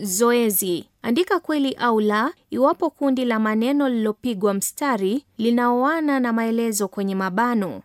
Zoezi: andika kweli au la iwapo kundi la maneno lilopigwa mstari linaoana na maelezo kwenye mabano.